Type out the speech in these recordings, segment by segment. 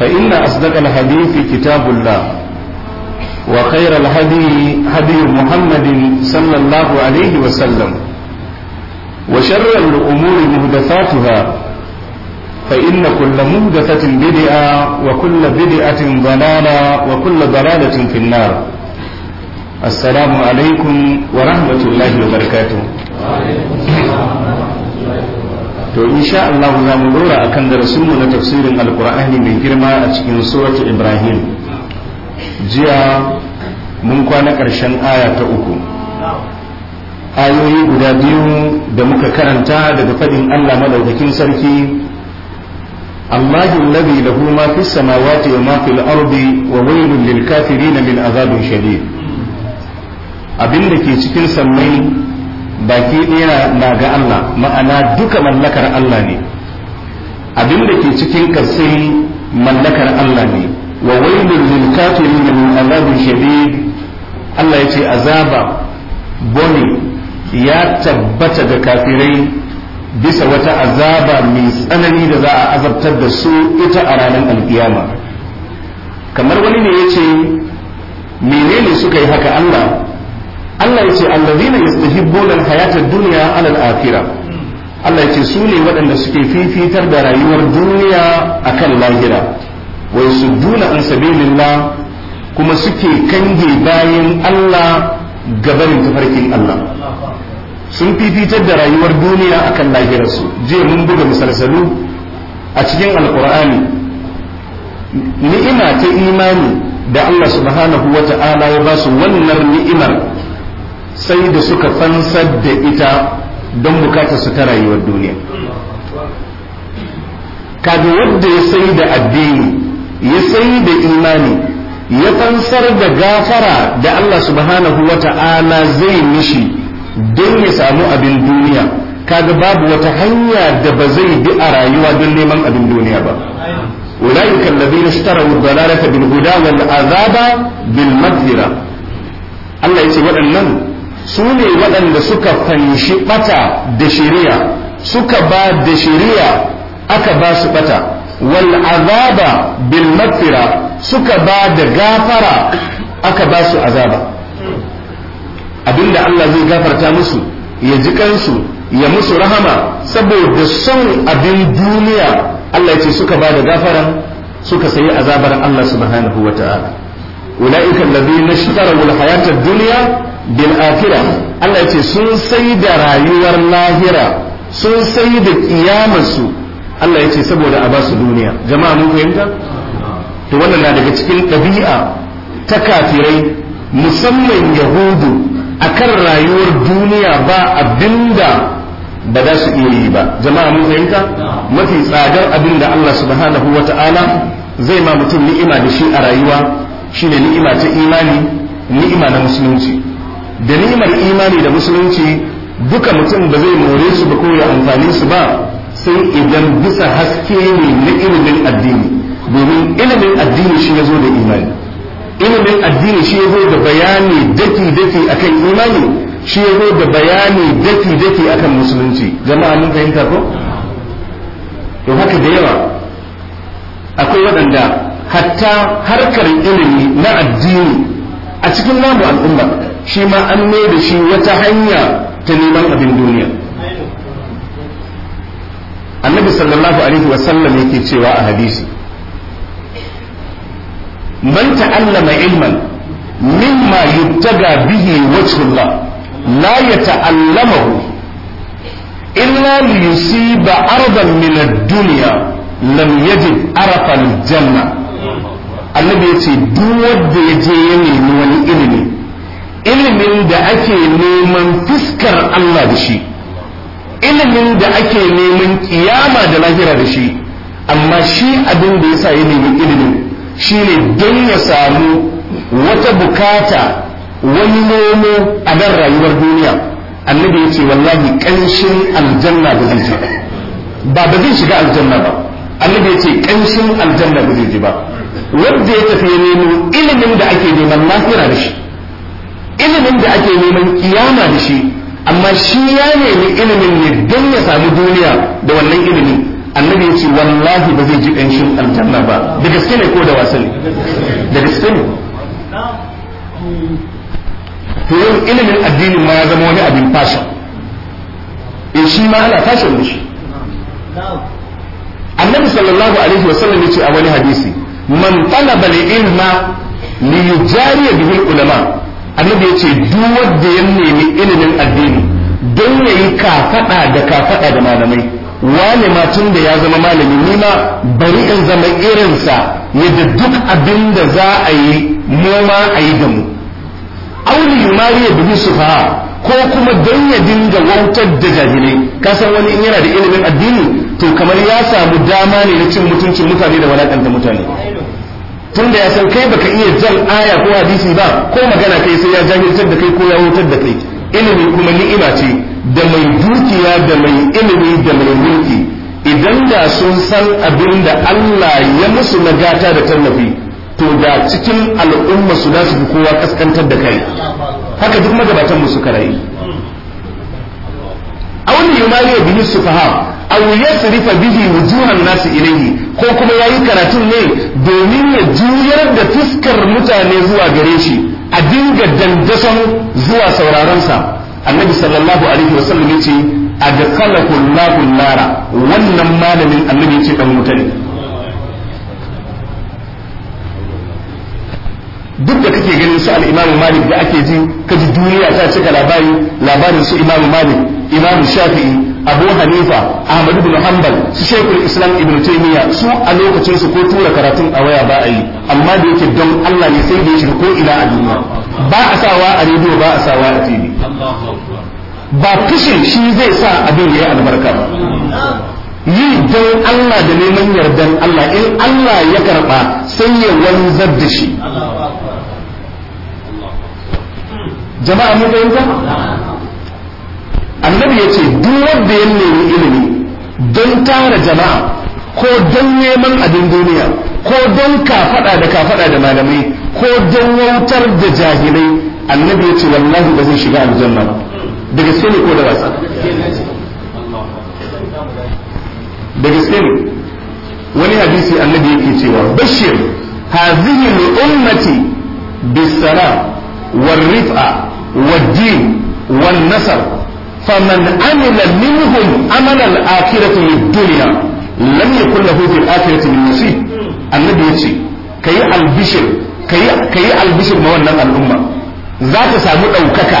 فإن أصدق الحديث كتاب الله وخير الهدي هدي محمد صلى الله عليه وسلم وشر الأمور مهدثاتها فإن كل مهدثة بدعة وكل بدعة ضلالة وكل ضلالة في النار السلام عليكم ورحمة الله وبركاته وعليكم السلام ورحمة الله وبركاته to insha Allah za mu dora akan darasin mu na tafsirin alkur'ani mai girma a cikin suratu ibrahim jiya mun kwana ƙarshen aya ta uku ayoyi guda biyu da muka karanta daga faɗin Allah madaukakin sarki Allahu alladhi lahu ma fi samawati wa ma fil ardi wa waylun lil kafirin min azabin shadid abinda ke cikin sammai baki ɗaya na ga Allah ma'ana duka mallakar Allah ne abin da ke cikin kasai mallakar Allah ne wa wailul lil kafirin min azabin shadid Allah ya ce azaba bone ya tabbata ga kafirai bisa wata azaba mai tsanani da za a azabtar da su ita a ranar alkiyama kamar wani ne ya ce menene suka yi haka Allah Allah ya ce allazina yastahibbuna alhayata dunya ala al-akhirah Allah ya ce su ne waɗanda suke fifitar da rayuwar duniya akan lahira wa yasudduna an sabilillah kuma suke kange bayan Allah gabarin tafarkin Allah sun fifitar da rayuwar duniya akan lahirarsu jiya mun buga misalsalu a cikin alkur'ani ni'ima ta imani da Allah subhanahu wata'ala ya ba su wannan ni'imar sai da suka fansar da ita don bukatar su ta rayuwar duniya kaga wanda ya sai da addini ya sai da imani ya fansar da gafara da Allah subhanahu wa ta'ala zai mishi don ya samu abin duniya kaga babu wata hanya da ba zai bi a rayuwa don neman abin duniya ba أولئك الذين اشتروا الضلالة بالهدى والعذاب بالمغفرة Allah ya ce waɗannan su ne waɗanda suka fanshi ɓata da shari'a suka ba da shari'a aka ba su ɓata wal azaba bil mafira suka ba da gafara aka ba su azaba abinda Allah zai gafarta musu ya ji kansu ya musu rahama saboda son abin duniya Allah ce suka ba da gafara suka sayi azabar Allah subhanahu wa ta'ala ula'ikan ladina ishtaraw al-hayata ad-dunya bil akhirah Allah ya ce sun sai da rayuwar lahira sun sai da kiyamarsu Allah yace saboda a basu duniya jama'a mun fahimta to wannan na daga cikin ɗabi'a ta kafirai musamman yahudu akan rayuwar duniya ba abinda ba za su iya yi ba jama'a mun fahimta mafi tsadar abin da Allah subhanahu wata'ala zai ma mutum ni'ima da shi a rayuwa shine ni'ima ta imani ni'ima na musulunci da ni'imar imani da musulunci duka mutum ba zai more su ba ko ya amfani su ba sai idan bisa haske ne na ilimin addini domin ilimin addini shi ya zo da imani ilimin addini shi ya zo da bayani daki-daki akan imani shi ya zo da bayani daki-daki akan musulunci jama'a mun fahimta ko to haka da yawa akwai waɗanda hatta harkar ilimi na addini a cikin namu al'umma shi ma an mai da shi wata hanya ta neman abin duniya annabi sallallahu alaihi wasallam yake cewa a hadisi man ta'allama ilman mimma yubtaga bihi wajhullah la yata'allamahu illa liyusiba ardan min ad-dunya lam yajid arafal janna annabi yace duk wanda ya je ya wani ilimi ilimin da ake neman fiskar Allah da shi ilimin da ake neman kiyama da lahira da shi amma shi abin da yasa ya nemi ilimin ne don ya samu wata bukata wani nomo a dan rayuwar duniya annabi ya ce wallahi kanshin aljanna da zai ji ba ba zai shiga aljanna ba annabi ya ce kanshin aljanna da zai ji ba wanda ya tafi neman ilimin da ake neman lahira da shi ilimin da ake neman kiyama da shi amma shi ya nemi ilimin ne don ya samu duniya da wannan ilimin annabi ya ce wallahi ba zai ji ƙanshin aljanna ba da gaske ne ko da wasa ne da gaske ne to yau ilimin addinin ma ya zama wani abin fashin in e, shi ma ana fashin da shi annabi sallallahu alaihi wasallam ya ce a wani hadisi man talaba ilma li yujariya bihi ulama annabi yace duk wanda ya nemi ilimin addini don yayi kafada da kafada da malamai wane ma tun da ya zama malami ni ma bari in zama irin irinsa yadda duk abin da za a yi mu ma a yi da mu auli mariya da dubi sufaha ko kuma don ya dinga wautar da jahilai san wani in yana da ilimin addini to kamar ya samu dama ne na cin mutuncin mutane da walakanta mutane tunda ya san kai baka iya jan aya ko hadisi ba ko magana kai sai ya jahiltar da kai ko ya wutar da kai ilimi kuma ni'ima ce da mai dukiya da mai ilimi da mai mulki idan da sun san abin da Allah ya musu nagata da tallafi to da cikin al'umma su su fi kowa kaskantar da kai haka duk magabatan mu suka rayu auni yumaliya bihi sufaha aw yasrifa bihi wujuhan nasu ilayhi ko kuma yayi karatun ne domin ya juyar da fuskar mutane zuwa gare shi a dinga dandason zuwa sauraron sa annabi sallallahu alaihi wasallam yace adkhalahu Allahu nara wannan malamin annabi yace dan wuta ne duk da kake ganin su al-Imam Malik da ake ji kaji duniya ta cika labari labarin su Imam Malik Imam Shafi'i abu hanifa ahmad ibn hanbal su shekul islam ibn taymiya su a lokacin su ko tura karatun a waya ba a yi amma da yake don allah ne sai da ya shiga ko ila a ba a sawa a rediyo ba a sawa a tv ba fushin shi zai sa abin ya albarka ba yi don allah da neman yardan allah in allah ya karba sai ya wanzar da shi jama'a mu fahimta annabi ya ce duk wanda ya nemi ilimi don tara jama'a ko don neman abin duniya ko don kafada da kafada da malamai ko don wautar da jahilai annabi ya ce wallahi ba zai shiga aljanna ba da gaske ne ko da wasa daga gaske ne wani hadisi annabi yake cewa bashir hazihi al-ummati bis-salam wal-rif'a wad-din wan-nasr فمن عمل منهم عمل الآخرة للدنيا لم يكن له في الآخرة من نصيب النبي يتي كي البشر كي كي البشر ما ونن الأمة ذات سامو أوكاكا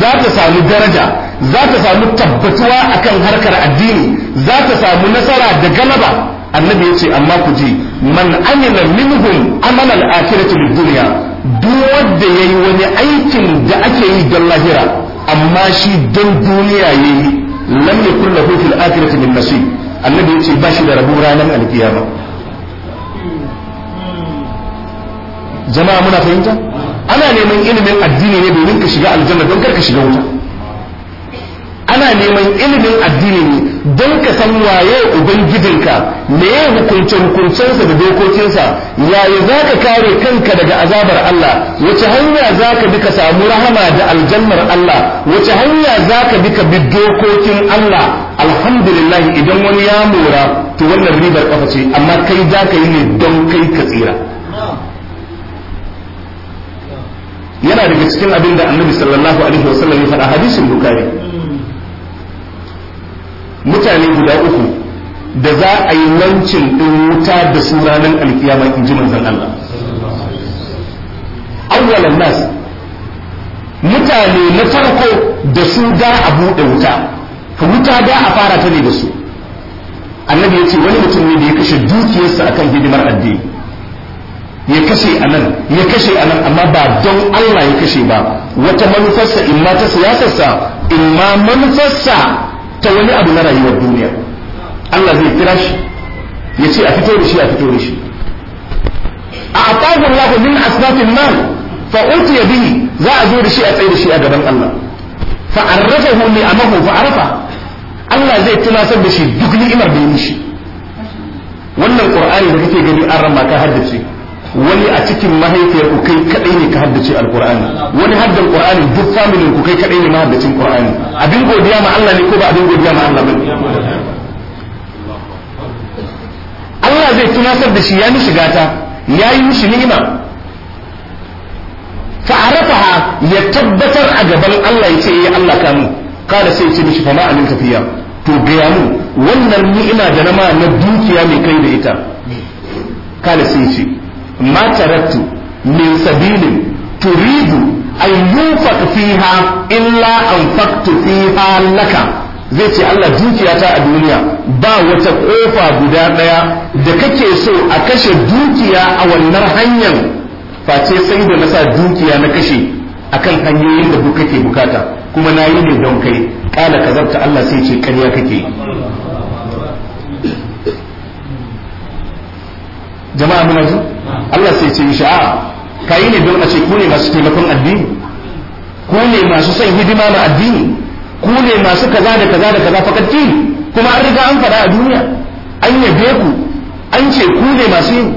ذات سامو درجة ذات سامو تبتوا أكن هركر الدين ذات سامو نصرة دجلبة annabi ya ce amma ku ji man amila minhum amal al-akhirati lid-dunya duk wanda yayi wani aikin da ake yi don lahira amma shi don duniya yayi lam yakul lahu fil akhirati min nasib annabi yace ba shi da rabu ranar alkiyama jama'a muna fahimta ana neman ilimin addini ne domin ka shiga aljanna don kar ka shiga wuta ana neman ilimin addini ne don ka san waye ubangijinka me ya hukunce hukuncensa da dokokinsa yaya za ka kare kanka daga azabar Allah wace hanya za ka bi ka samu rahama da aljannar Allah wace hanya za ka bi ka bi dokokin Allah alhamdulillah idan wani ya mora to wannan ribar kafa ce amma kai za ka yi ne don kai ka tsira yana daga cikin abin da annabi sallallahu alaihi wasallam ya faɗa hadisin bukari mutane guda uku da za a yi wancin ɗin wuta da su ranar alkiyama in ji manzan Allah awwalan nas mutane na farko da su da a buɗe wuta ka wuta da a fara ta ne da su annabi ya ce wani mutum ne da ya kashe dukiyarsa akan hidimar addini ya kashe a nan ya kashe a nan amma ba don Allah ya kashe ba wata manufarsa in ma ta siyasarsa in ma manufarsa ta wani abu na rayuwar duniya Allah zai kira shi ya ce a fito da shi a fito da shi a atahu Allah min asnafin nan fa utiya bihi za a zo da shi a tsaye da shi a gaban Allah fa arrafahu li amahu fa arafa Allah zai tunasar da shi duk ni'imar da ya mishi wannan qur'ani da kake gani an rama ka haddace wani a cikin mahaifiyar ku kai kadai ne ka haddace alqur'ani wani haddan qur'ani duk familin ku kai kadai ne ma haddacin qur'ani abin godiya ma Allah ne ko ba abin godiya ma Allah bane Allah zai tunasar da shi ya mishi gata ya yi mishi ni'ima arafaha ya tabbatar a gaban Allah ya ce ya eh, Allah kanu kada sai ya ce mishi ma amin tafiya to bayanu mu wannan ni'ima da na ma na dukiya mai kai da ita kada sai ya ce ma tarattu من سبيل تريد an yunfaq fiha إلا أنفقت fiha laka zai ce Allah dukiyata a duniya ba wata kofa guda daya da kake so a kashe dukiya a wannan hanyar face sai da nasa dukiya na kashe akan hanyoyin da duk kake bukata kuma na yi ne don kai kala kazabta Allah sai ce karya kake jama'a muna zuwa Allah sai ce mishi a yi ne don a ce ku ne masu taimakon addini ku ne masu son hidima ma addini ku ne masu kaza da kaza da kaza fakatti kuma an riga an faɗa a duniya an yabe ku an ce ku ne masu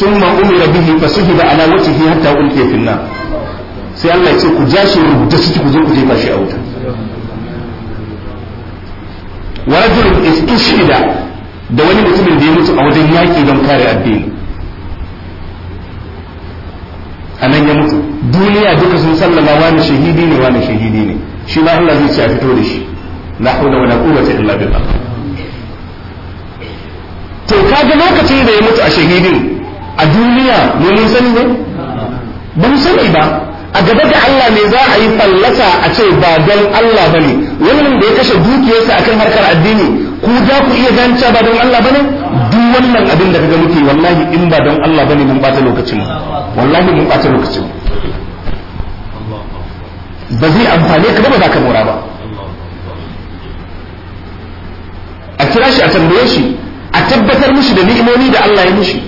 yin ma umira bihi da ala wajhihi hatta ulke finna sai Allah ya ce ku ja shi rubuta su ku je ku je shi a wuta wa rajulun da wani mutumin da ya mutu a wajen yaƙi don kare addini a nan ya mutu duniya duka sun sallama wani shahidi ne wani shahidi ne shi ma Allah zai ce a fito da shi la wani wala quwwata illa billah to kaga lokacin da ya mutu a shahidin a duniya mun sani ne ba mu sani ba a gaba da Allah ne za a yi fallasa a ce ba don Allah ba ne? wannan da ya kashe dukiyarsa akan harkar addini ku za ku iya gane ba don Allah bane duk wannan abin da kaga muke wallahi in ba don Allah bane mun bata lokacin wallahi mun bata lokacin ba zai amfane ka ba za ka mora ba a kira shi a tambaye shi a tabbatar mishi da ni'imomi da Allah ya mishi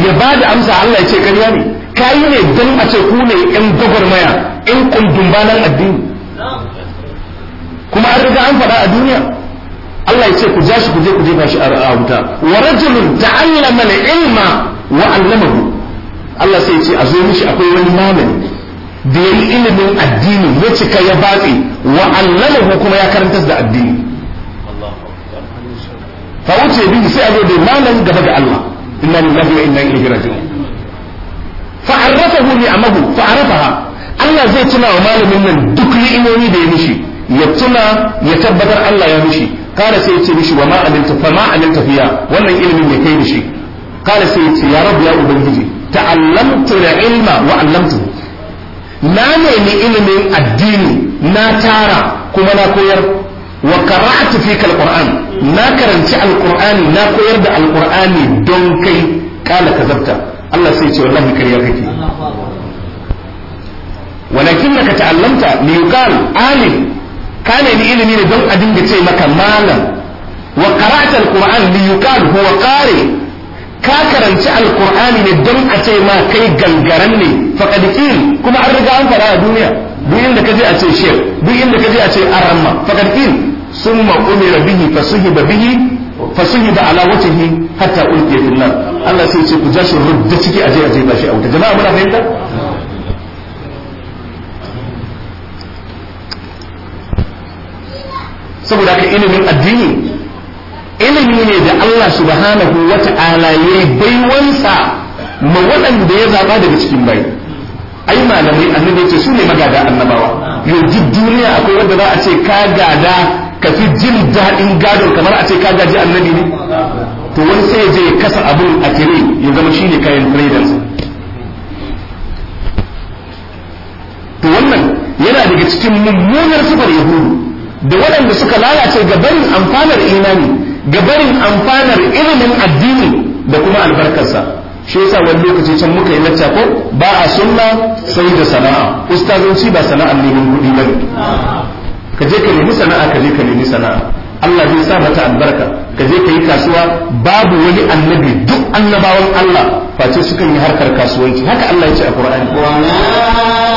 ya ba da amsa Allah ya ce karya ne kayi ne don a ce ku ne yan gwagwarmaya yan kundumbanan addini kuma an riga an faɗa a duniya Allah ya ce ku jashi ku je ku jefa shi a wuta wa rajulun ta'allama al-ilma wa 'allamahu Allah sai ya ce a zo mishi akwai wani malami da yayi ilimin addini ya cika ya batse wa 'allamahu kuma ya karantar da addini fa wuce bi sai a zo da malam gaba da Allah inna lillahi wa inna ilaihi raji'un fa arrafahu ni'amahu fa arafaha Allah zai tuna wa malamin nan duk ni'imomi da ya mishi ya tuna ya tabbatar Allah ya mishi kala sai ce mishi wa ma alimta wannan ilimin ne kai da shi kala sai ilma wa 'allamtuhu na nemi ilimin addini na tara kuma na koyar wa qara'tu fika alquran na karanci Alƙur'ani na koyar da Alƙur'ani don kai kala kazabta Allah sai ce wallahi kariya kake ولكنك تعلمت ليقال عالم ka ni ilimi ne don a dinga ce maka malam wa qara'atul qur'an li yuqal huwa qari ka karanci alqur'ani ne don a ce ma kai gangaran ne faqad qil kuma an riga an fara a duniya duk inda kaje a ce shek duk inda kaje a ce aramma faqad qil summa umira bihi fasuhiba bihi fasuhiba ala wajhihi hatta ulqiya fil nar Allah sai ya ce ku jashi rudda ciki aje aje ba shi a wuta jama'a muna fahimta saboda ka ilimin addini ilimi ne da Allah subhanahu wa ta'ala ya yi baiwansa ma waɗanda ya zaɓa daga cikin bai ai malamai annabi ce su ne magada annabawa yanzu duniya akwai wanda za a ce ka gada ka fi jin daɗin gadon kamar a ce ka gaji annabi ne to wani sai je kasa abun a tire ya zama shi ne kayan sa. to wannan yana daga cikin mummunar sifar yahudu da waɗanda suka lalace ga barin amfanar imani ga barin amfanar ilimin addini da kuma albarkarsa shi yasa wani lokaci can muka yi lacca ko ba a sunna sai da sana'a ustazanci ba sana'ar neman kuɗi ne. ka je ka nemi sana'a ka je ka nemi sana'a Allah zai sa mata albarka ka je ka yi kasuwa babu wani annabi duk annabawan Allah face sukan yi harkar kasuwanci haka Allah ya ce a Qur'ani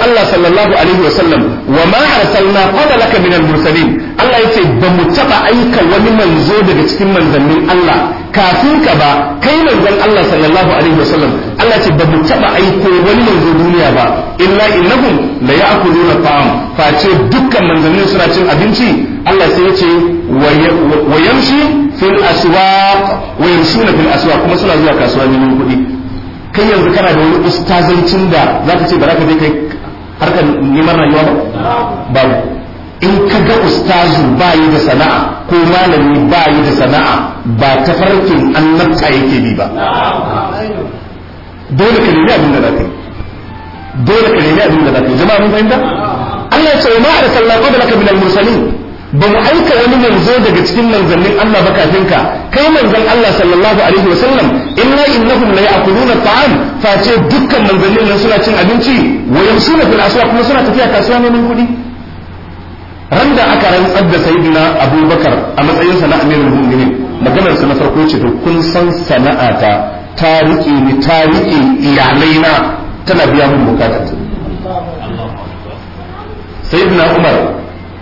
Allah sallallahu alaihi wasallam wa ma arsalna qablaka min al-mursalin Allah yace ba mu taba aika wani manzo daga cikin manzannin Allah kafin ka ba kai manzon Allah sallallahu alaihi wasallam Allah yace ba mu taba aiko wani manzo duniya ba illa innahum la ya'kuluna ta'am face dukkan manzannin suna cin abinci Allah sai yace wa yamshi fil aswaq wa yamshuna fil aswaq kuma suna zuwa kasuwanni kuɗi kai yanzu kana da wani ustazancin da za ka ce ba za ka je kai harkar neman rayuwa ba ba in ka ga ustazu ba yi da sana'a ko malami ba yi da sana'a ba ta farkin annabta yake bi ba dole ka nemi abin da za yi dole ka nemi abin da za yi jama'a mun fahimta Allah ya ce ma arsalna qablaka min al-mursalin ba mu aika wani manzo daga cikin manzannin Allah ba kafin ka kai manzon Allah sallallahu alaihi wasallam inna innahum la ya'kuluna ta'am face dukkan manzannin nan suna cin abinci wa suna fi kuma suna tafiya kasuwa neman kuɗi ran da aka rantsar da sayyidina abubakar a matsayin sana'a na amirul mu'minin maganar sa na farko ce to kun san sana'a ta rike ni ta iyalaina tana biya mun bukatar sayyidina umar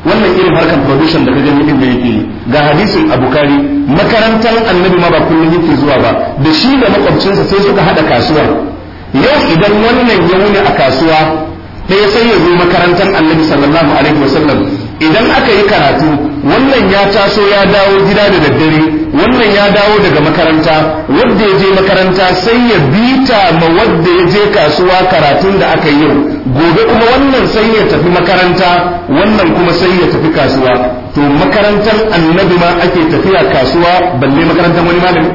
wannan irin harkar production da kaje mutum da yake ga hadisin abukari makarantar annabi ma ba kullum yake zuwa ba da shi da makwabcinsa sai suka hada kasuwar yau idan wannan ya wuni a kasuwa ɗaya sai ya zo makarantar annabi sallallahu alaihi wasallam idan aka yi karatu wannan ya taso ya dawo gida da daddare wannan ya dawo daga makaranta wadda ya je makaranta sai ya bita ma wadda ya je kasuwa karatun da aka yi yau gobe kuma wannan sai ya tafi makaranta wannan kuma sai ya tafi kasuwa to makarantar annabi ma ake tafiya kasuwa balle makarantar wani malami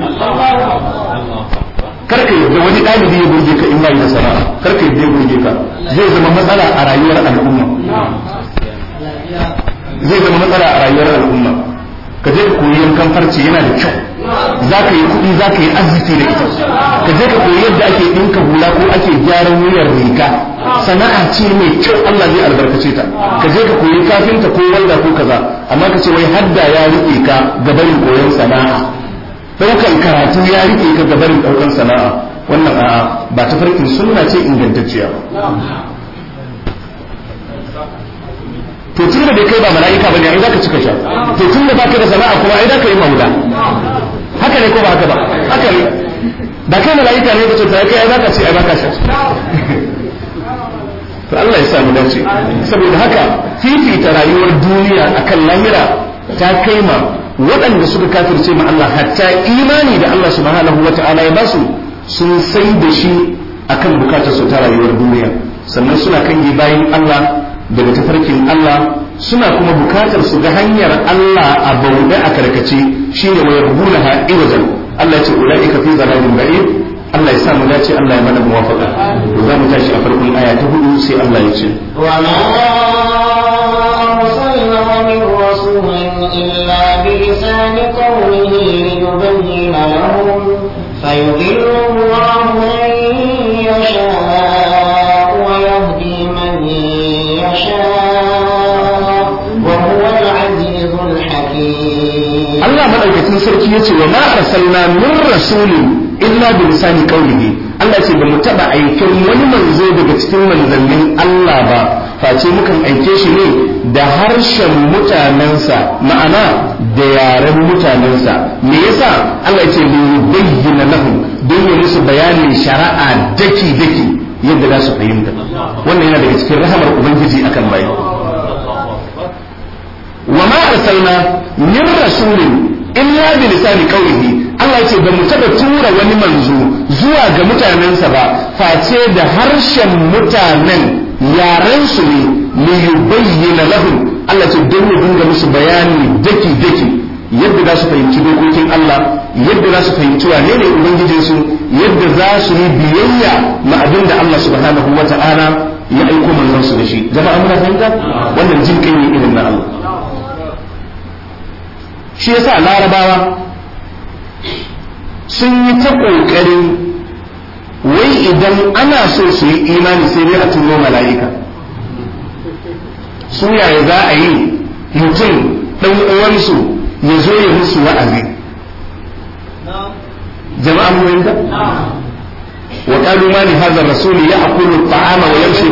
karka yadda wani ɗalibi ya burge ka in yi sana'a karka yadda ya burge ka zai zama matsala a rayuwar al'umma zai zama matsala a rayuwar al'umma ka je ka koyi yankan farce yana da kyau za ka yi kuɗi za ka yi arziki da ita ka je ka koyi yadda ake ɗinka hula ko ake gyaran wuyar riga sana'a ce mai kyau Allah zai albarkace ta ka je ka koyi kafinta ko wanda ko kaza amma ka ce wai hadda ya riƙe ka gabanin koyon sana'a daukan karatu ya rike ka barin daukan sana'a wannan a ba ta farkin sunna ce ingantacciya ba to tun da bai kai ba mala'ika bane ai zaka cika sha to tun da baka da sana'a kuma ai zaka yi mauda haka ne ko ba haka ba haka ne da kai mala'ika ne ka ce ta kai ai zaka ce ai baka sha to Allah ya samu dace saboda haka fifita rayuwar duniya akan lahira ta kai ma waɗanda suka kafirce ma Allah hatta imani da Allah subhanahu ta'ala ya basu sun sai da shi akan bukatar su ta rayuwar duniya sannan suna kan bayan Allah daga tafarkin Allah suna kuma bukatar su ga hanyar Allah a bauɗe a karkace shine wa yabuna iwazan Allah ya ce ulaika fi zalalin ba'id Allah ya sa mu dace Allah ya mana muwafaqa za mu tashi a farkon aya ta hudu sai Allah ya ce wa ma arsalna min rasulin إلا بلسان قومه ليبين لهم فيضل الله من يشاء ويهدي من يشاء وهو العزيز الحكيم الله ملائكة سركي يتي وما أرسلنا من رسول إلا بلسان قومه Allah ce ba mu taɓa aikin wani manzo daga cikin manzannin Allah ba face mukan aike shi ne da harshen mutanensa ma'ana da yaren mutanensa me yasa Allah ce bi bayyana lahu don ya musu bayanin shari'a daki daki yadda za su fahimta wannan yana daga cikin rahamar ubangiji akan bai. wa ma arsalna min rasulin illa bi lisani qawlihi Allah ce ba mu taba tura wani manzo zuwa ga mutanensa ba face da harshen mutanen yaren su ne li yubayyana lahum Allah ce don ya dinga musu bayani daki daki yadda za su fahimci dokokin Allah yadda za su fahimci wa ne ubangijin su yadda za su yi biyayya ma abin da Allah subhanahu wata'ala ya aiko manzon su da shi jama'a muna fahimta wannan jin kai ne irin na Allah shi yasa larabawa sun yi ta kokarin wai idan ana so suyi imani sai dai a turo mala'ika su yaya za a yi mutum dan uwansu ya zo ya musu wa'azi jama'a mu yanda wa qalu ma li hadha ar wa yamshi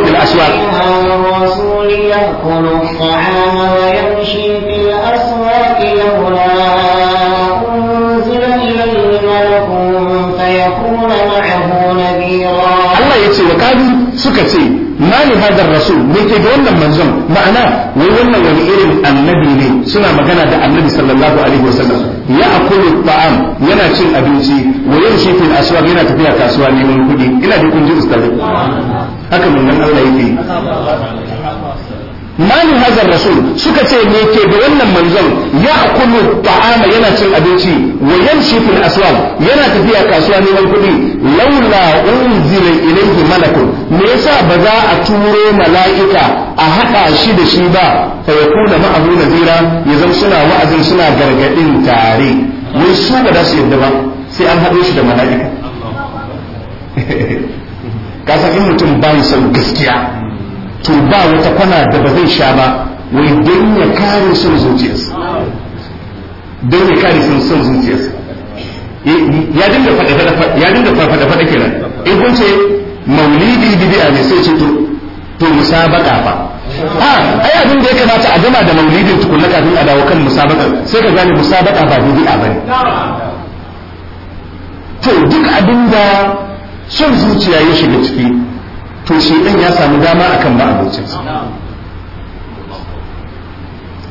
fil ce wa kadu suka ce ma ni hadar rasul me ke ga wannan manzon ma'ana wai wannan wani irin annabi ne suna magana da annabi sallallahu alaihi wasallam ya akulu ta'am yana cin abinci wa yamshi aswaq yana tafiya kasuwa neman kuɗi ina da kun ji ustaz haka mun nan Allah yake mani hazar rasul suka ce me ke da wannan manzon ya kullu ta'ama yana cin abinci wa yamshi fil aswaq yana tafiya kasuwa neman kuɗi laula unzila ba za a turo mala'ika a haɗa shi da shi ba fa ya kuna ma'ahu nazira ya zama suna wa'azin suna gargaɗin tare wai su ba za su yadda ba sai an haɗo shi da mala'ika ka san in mutum ba ya son gaskiya to ba wata kwana da ba zai sha ba wai don ya kare son zuciyarsa don ya kare son zuciyarsa eh, ya dinga faɗa-faɗa kenan in eh, kun ce maulidi bid'a ne sai ce to to musabaka fa a ai abin da ya kamata a gama da maulidin tukunna kafin a dawo kan musabaka sai ka gane musabaka ba bid'a bane to duk abin da son zuciya ya shiga ciki to shi ya samu dama akan ba abincinsa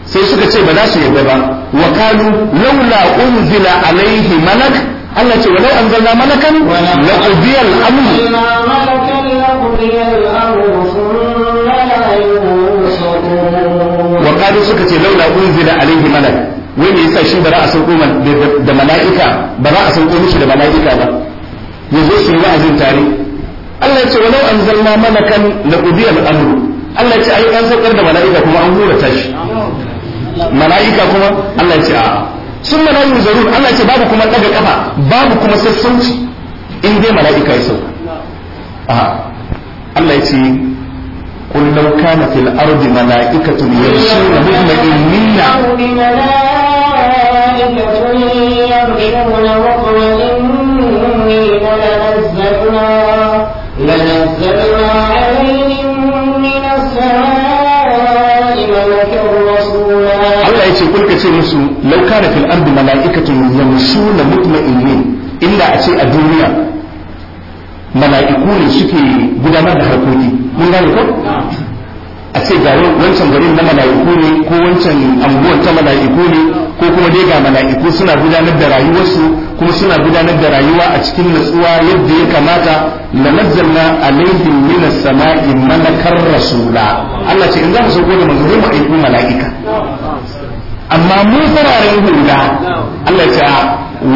sai suka ce ba za su yarda ba wa kalu laula unzila alaihi malak Allah ce wa walau an zanna malakan la qudiyal amru wa qalu suka ce laula unzila alaihi malak wai me yasa shi ba za a sauko da mala'ika ba za a sauko mishi da mala'ika ba yazo su yi wa'azin tare Allah ce wa walau an zanna malakan la qudiyal amru Allah ce ai an saukar da mala'ika kuma an hura tashi mala'ika kuma Allah ce a'a sun mana yin zarur Allah ce babu kuma daga kafa babu kuma sassauci in dai mala'ika ya sauka a Allah ya ce قل لو كان في الأرض ملائكة يمشون مطمئنين ملائكة يمشون مطمئنين ce musu law kana fil ardi malaikatu yamshuna mutma'inin illa a ce a duniya mala'iku ne suke gudanar da harkoki mun gane ko a ce ga wancan garin na mala'iku ne ko wancan anguwar ta mala'iku ne ko kuma dai ga mala'iku suna gudanar da rayuwarsu kuma suna gudanar da rayuwa a cikin natsuwa yadda ya kamata la nazzalna alaihim min as-sama'i malakar rasula Allah ce in za mu sauko da manzo mu aiku mala'ika amma mu fararen hula Allah ya ce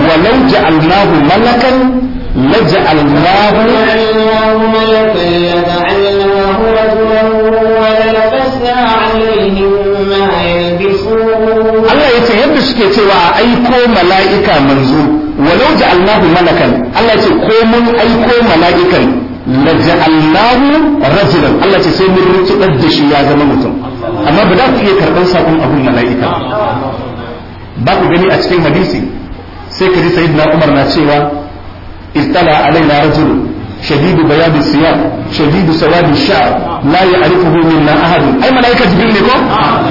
walau ja'alnahu malakan la ja'alnahu malakan la ja'alnahu rajulan wa la labasna alaihim ma yalbisun Allah ya ce yadda suke cewa aiko mala'ika manzo walau ja'alnahu malakan Allah ya ce ko mun aiko mala'ikan la ja'alnahu rajulan Allah ya ce sai mun rikidar da shi ya zama mutum amma ba za su iya karɓar sakon abun mala'ika ba ku gani a cikin hadisi sai ka ji sayyidina umar na cewa istala alaina rajul shadidu بياض Sha. Na yi الشعر لا يعرفه منا احد ai mala'ika jibin ne ko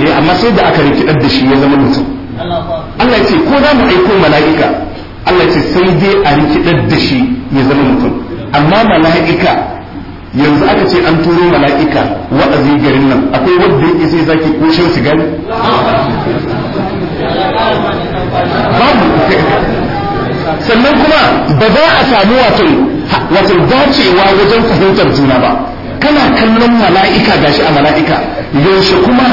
eh amma sai da aka rikidar da shi ya zama mutum Allah ya ce ko za mu aiko mala'ika Allah ya ce sai dai a rikidar da shi ya zama mutum amma mala'ika yanzu aka ce an turo mala'ika wa'azi garin nan akwai wanda yake sai zaki ko shan sigari babu sannan kuma ba za a samu wato wato dacewa wajen fahimtar juna ba kana kallon mala'ika gashi a mala'ika yaushe kuma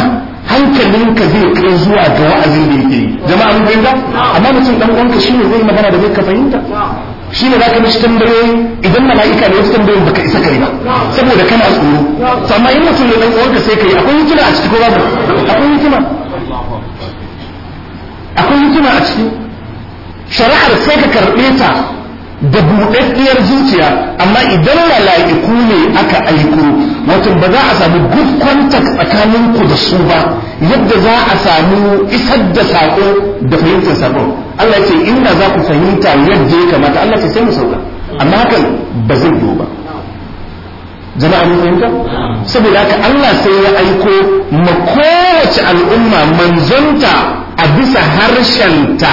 hankalinka zai kai zuwa ga wa'azin da yake jama'a mun fahimta amma mutum dan uwanka shine zai magana da zai ka fahimta shi ne za ka mishi tambayoyi idan mala'ika ne wasu tambayoyi baka isa kai ba saboda kana tsoro to amma in mutum ne dan da sai kai akwai hikima a ciki ko babu akwai hikima akwai hikima a ciki shari'ar sai ka karɓe ta da buɗaɗɗiyar zuciya amma idan mala'iku ne aka aiko wato ba za a samu good contact tsakanin ku da su ba yadda za a samu isar da sako da fahimtar sako Allah ce inda za ku fahimta yadda ya kamata Allah ce sai mu sauka amma hakan ba zai yiwu ba jama'a mun fahimta saboda haka Allah sai ya aiko ma kowace al'umma manzonta a bisa harshenta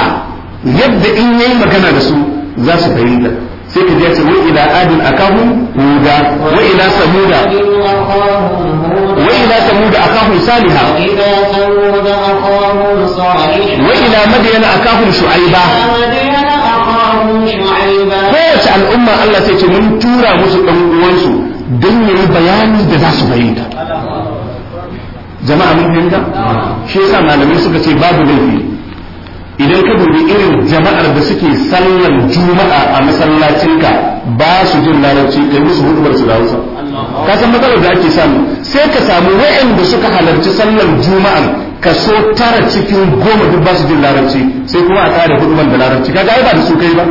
yadda in yayi magana da su za su fahimta sai ka je ce wa ila adin akahu huda wa ila samuda wa ila samuda akahu saliha wa ila madiyana akahu shu'aiba kowace al'umma Allah sai ce mun tura musu ɗan uwansu don yayi bayani da za su fahimta jama'a mun fahimta shi yasa malamai suka ce babu laifi idan ka dubi irin jama'ar da suke sallan juma'a a masallacinka ba su jin lalaci kai musu hudubar su dawo sa ka san matsalar da ake samu sai ka samu waɗanda suka halarci sallar ka so tara cikin goma duk ba su jin lalaci sai kuma a kare hudubar da larabci Ka ai ba da su kai ba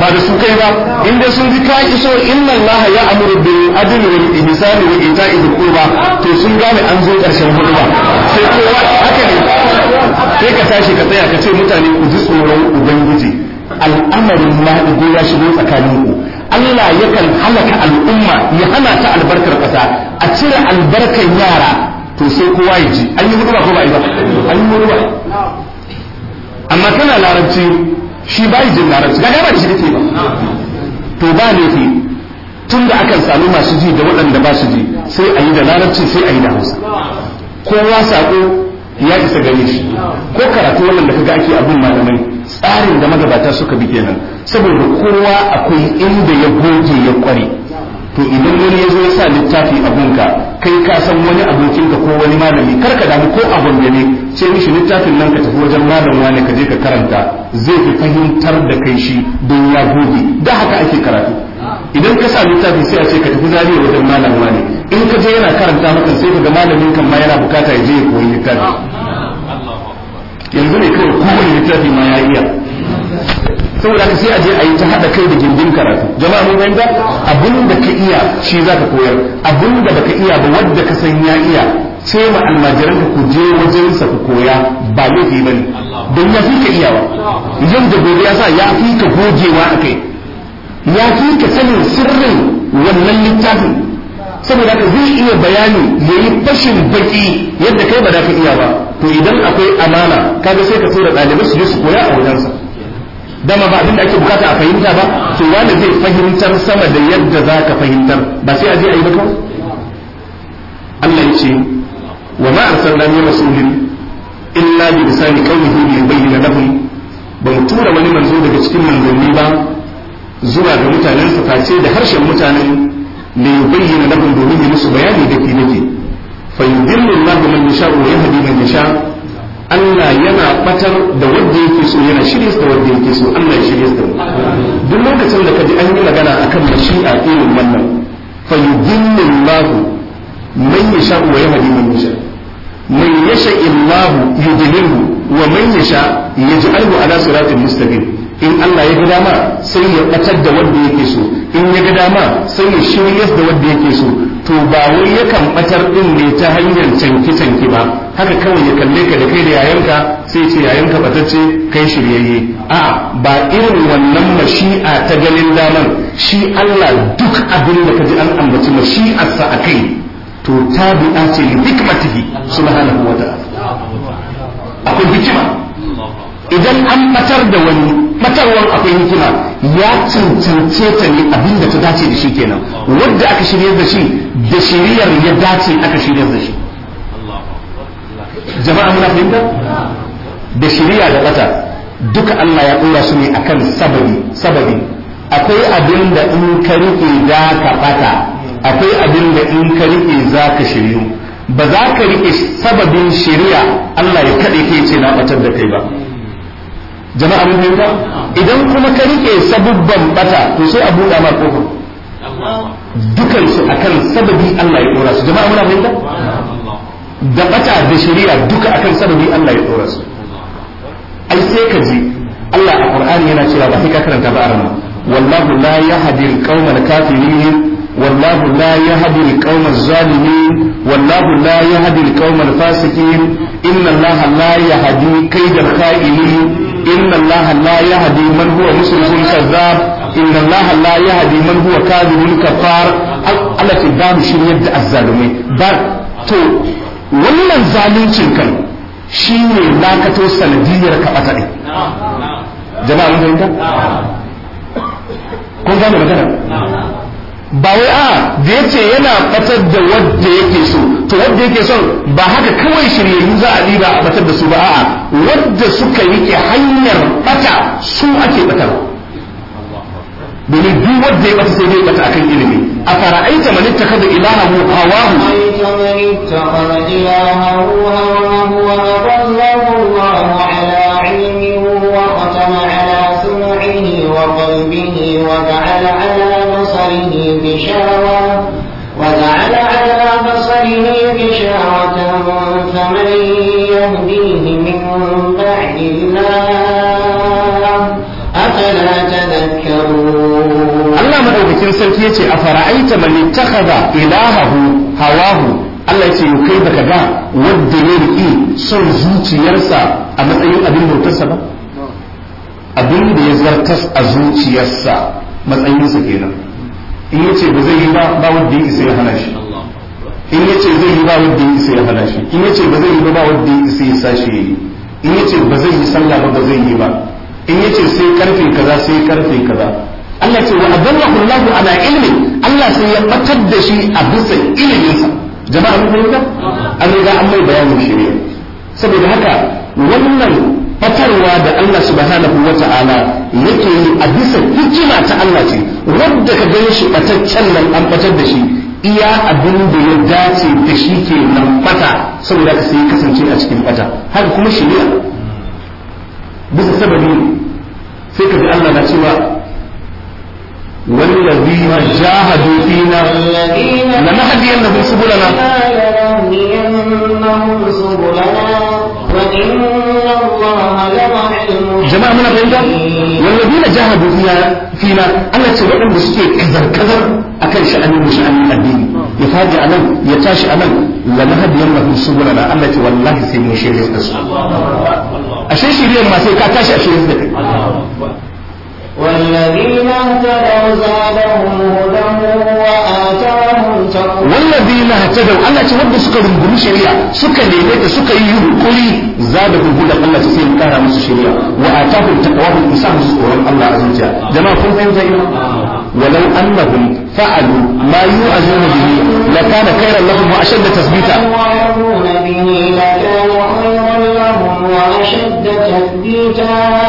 ba da su kai ba inda sun ji ka iso inna allaha ya amuru bil adli wal ihsani wa ita'i dhil qurba to sun gane an zo karshen ba. sai kowa haka ne sai ka tashi ka tsaya ka ce mutane ku ji tsoron ubangiji al'amarin ma ido ya shigo tsakanin ku Allah yakan halaka al'umma ya hana ta albarkar kasa a cire albarkar yara to sai kowa ya ji an yi ba ko ba yi ba an yi ba amma kana larabci shi ba yi jin larabci ga gaba da shi kake ba to ba ne ke tun da akan samu masu ji da waɗanda ba su ji sai a yi da larabci sai a yi da hausa kowa saƙo ya isa gare shi ko karatu wannan da kaga ake abin malamai tsarin da magabata suka bi kenan saboda kowa akwai inda ya goge ya kware to idan wani ya zo ya sa littafi abunka kai ka san wani abokin ka ko wani malami kar ka damu ko abun ne, ce mishi littafin nan ka tafi wajen malam wani ka je ka karanta zai fi fahimtar da kai shi don ya goge da haka ake karatu idan ka sa littafi sai a ce ka tafi zariya wajen malam wani in ka je yana karanta maka sai ka ga malamin kan ma yana bukata ya je ya koyi littafi yanzu ne kawai kowane littafi ma ya iya saboda ka sai a je a yi ta haɗa kai da gindin karatu jama'a mun ganda abin da ka iya shi za ka koyar abin da baka iya ba wanda ka san ya iya sai ma almajiran ka ku je wajen sa ku koya ba laifi bane don ya fi ka iyawa yau da gobe ya sa ya fi ka gogewa a kai ya fi ka sanin sirrin wannan littafin saboda ka zai iya bayani ya yi fashin baki yadda kai ba da ka iya ba to idan akwai amana kaga sai ka tura ɗalibai su je su koya a wajensa dama ba abin da ake bukata a fahimta ba to wani zai fahimtar sama da yadda za ka fahimtar ba sai a je a yi ba Allah ya ce wa ma arsalna min rasulin illa bi lisani qawlihi li na lahum ba mu tura wani manzo daga cikin manzanni ba zuwa ga mutanen sa face da harshen mutanen li yubayyana lahum domin ya musu bayani da ke nake fa yudillu Allahu man Allah yana batar da wanda yake so yana shirye da wanda yake so Allah ya shirye da duk lokacin da kaji an yi magana akan mashi'a irin wannan fa yudillu Allahu man yasha wa yahdi man yasha man yasha Allahu yudilluhu wa man yasha yaj'alhu ala siratin mustaqim in Allah ya ga dama sai ya batar da wanda yake so in ya ga dama sai ya shirya da wanda yake so to ba wai yakan ɓatar din ne ta hanyar canke-canke ba haka kawai ya kalle ka da kai da yayanka sai ce yayanka batacce kai shiryayye a ba irin wannan mashi'a ta ganin daman shi Allah duk abin da ji an ambaci mashi'arsa a kai to tabi'a ce li hikmatihi subhanahu wa ta'ala akwai hikima idan an ɓatar da wani Matarwar akwai hikima ya cancance ta ne abinda ta dace da shi kenan Wadda aka shirya da shi da shiriyar ya dace aka shirya da shi jama'a muna fahimta da shiriya da bata duka Allah ya dora su ne akan sababi sababi akwai abin da in ka rike za ka bata akwai abin in ka rike za ka shiryu ba za ka rike sababin shiriya Allah ya kaɗe ke ce na batar da kai ba jama'a mun fahimta idan kuma ka rike sabubban bata to sai a buɗa ma kofar dukan su akan sababi Allah ya dora su jama'a muna fahimta da bata da shari'a duka akan sababi Allah ya dora su ai sai ka ji Allah a Qur'ani yana cewa ba sai ka karanta ba arama wallahu la yahdi al-qawmal kafirin والله لا يهدي القوم الظالمين والله لا يهدي القوم الفاسقين إن الله لا يهدي كيد الخائنين inna allaha la yahdi man huwa musrifun kazzab inna allaha la yahdi man huwa kadhibun kafar Allah ke ba mu shiryar da azzalumai ba to wannan zaluncin kan ne lakato sanadiyyar ka bata din jama'a ba wai a da ce yana batar da ya yake so to ya yake son ba haka kawai shiryayyu za a diba a batar da su ba a'a wadda suka rike hanyar bata su ake batar domin duk wadda ya bata sai dai bata akan ilimi a fara'aita man ittakhadha ilahahu hawahu بصره غشاوة وجعل على بصره غشاوة فمن يهديه من بعد الله أفلا تذكرون الله مدوكتين سلكيتي أفرأيت من اتخذ إلهه هواه Allah ce kai baka ga wanda ya riƙe son zuciyarsa a matsayin abin bautarsa ba abin da ya zartas a zuciyarsa matsayinsa kenan in yace ba zai yi ba ba wadda yi isa ya hana shi in yace zai yi ba wadda yi isa ya hana shi in yace ba zai yi ba ba wanda ya isa ya sashi yayi in yace ba zai yi sallah ba ba zai yi ba in yace sai karfe kaza sai karfe kaza Allah ce wa adallahu Allah ala ilmi Allah sai ya batar da shi a bisa sa. jama'a mun fahimta an ga an mai bayanin shari'a saboda haka wannan fatarwa da Allah subhanahu wa ta'ala yake yi a bisa hikima ta Allah ce wanda ka gani shi bataccen nan an batar da shi iya abin da ya dace da shi ke nan fata saboda ka sai kasance a cikin fata har kuma shari'a bisa sababi sai ka ji Allah na cewa والذين جاهدوا فينا لنهدينهم سبلنا لنهدينهم سبلنا jama'a muna fahimta wallazina jahadu fiya fina Allah ce waɗanda suke kazar kazar akan sha'anin mu sha'anin addini ya faɗi a nan ya tashi a nan la mahadiyan mahu subulana Allah ce wallahi sai mun shirye da su ashe shirye ma sai ka tashi a shirye da kai والذين اهتدوا الله ce wanda suka rungumi shari'a suka nemi da suka yi hukuri za da hukuda Allah ta sai kara musu shari'a wa atahu taqwa bi isa musu koran Allah azza wajalla jama'a kun san zai walau annahum fa'alu ma yu'azun bihi la kana khayran lahum wa زادناهم وأشد تثبيتا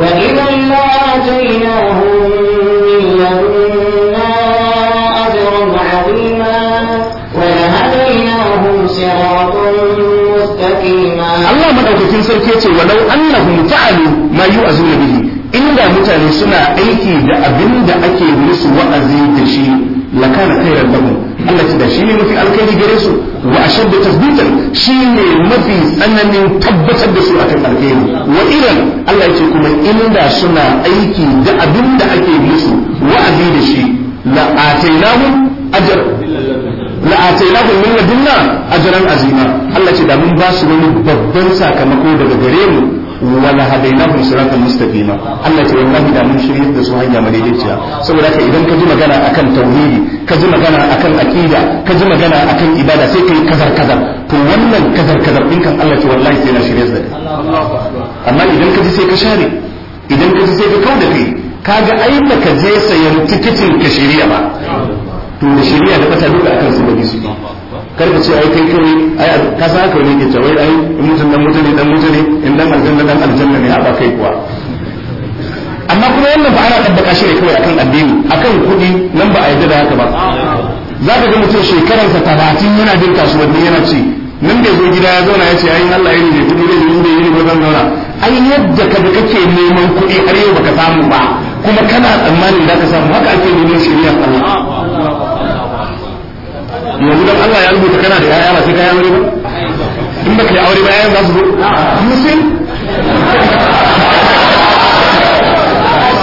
وإذا لآتيناهم من لدنا أجرا عظيما ولهديناهم صراطا مستقيما الله مدعوكين سركيتي ولو أنهم فعلوا ما يؤذون به inda mutane suna aiki da abin da ake musu wa'azi da shi la kana khairan lahum Allah ce da shi ne mafi alkhairi gare su wa ashaddu tasbitan shi ne mafi tsananin tabbatar da su akan alkhairi wa idan Allah ce kuma inda suna aiki da abin da ake musu wa'azi da shi la atainahum ajr la atainahum min ladunna ajran azima Allah ce da mun ba su wani babban sakamako daga gare mu wala hadainahum siratan mustaqima Allah ce wallahi da mun shirye da su hanya madaidaiciya saboda haka idan ka ji magana akan tauhidi ka ji magana akan aqida ka ji magana akan ibada sai kai kazar kazar to wannan kazar kazar din kan Allah ce wallahi sai na shirye da kai amma idan ka ji sai ka share idan ka ji sai ka kauda kai ga ai ka je sayan tikitin ka shirya ba to da shirya da ka duka akan su ba su kar ce ai kai kai ai ka sa ka ne ke ce wai ai in mutum dan mutane dan mutane in dan aljanna dan aljanna ne a ba kai kuwa amma kuma wannan ba ana tabbaka shi ne kawai akan addini akan kuɗi nan ba a yarda da haka ba za ka ga mutum sa talatin yana bin kasuwanni yana ci nan bai zo gida ya zauna ya ce ai Allah ya ne kuɗi zai yi ne ba zan zauna ai yadda ka kake neman kuɗi har yau baka samu ba kuma kana tsammanin za ka samu haka ake neman shari'a Allah yanzu dan Allah ya rubuta kana da yaya ba sai ka aure ba in baka yi aure ba yayan za su zo musin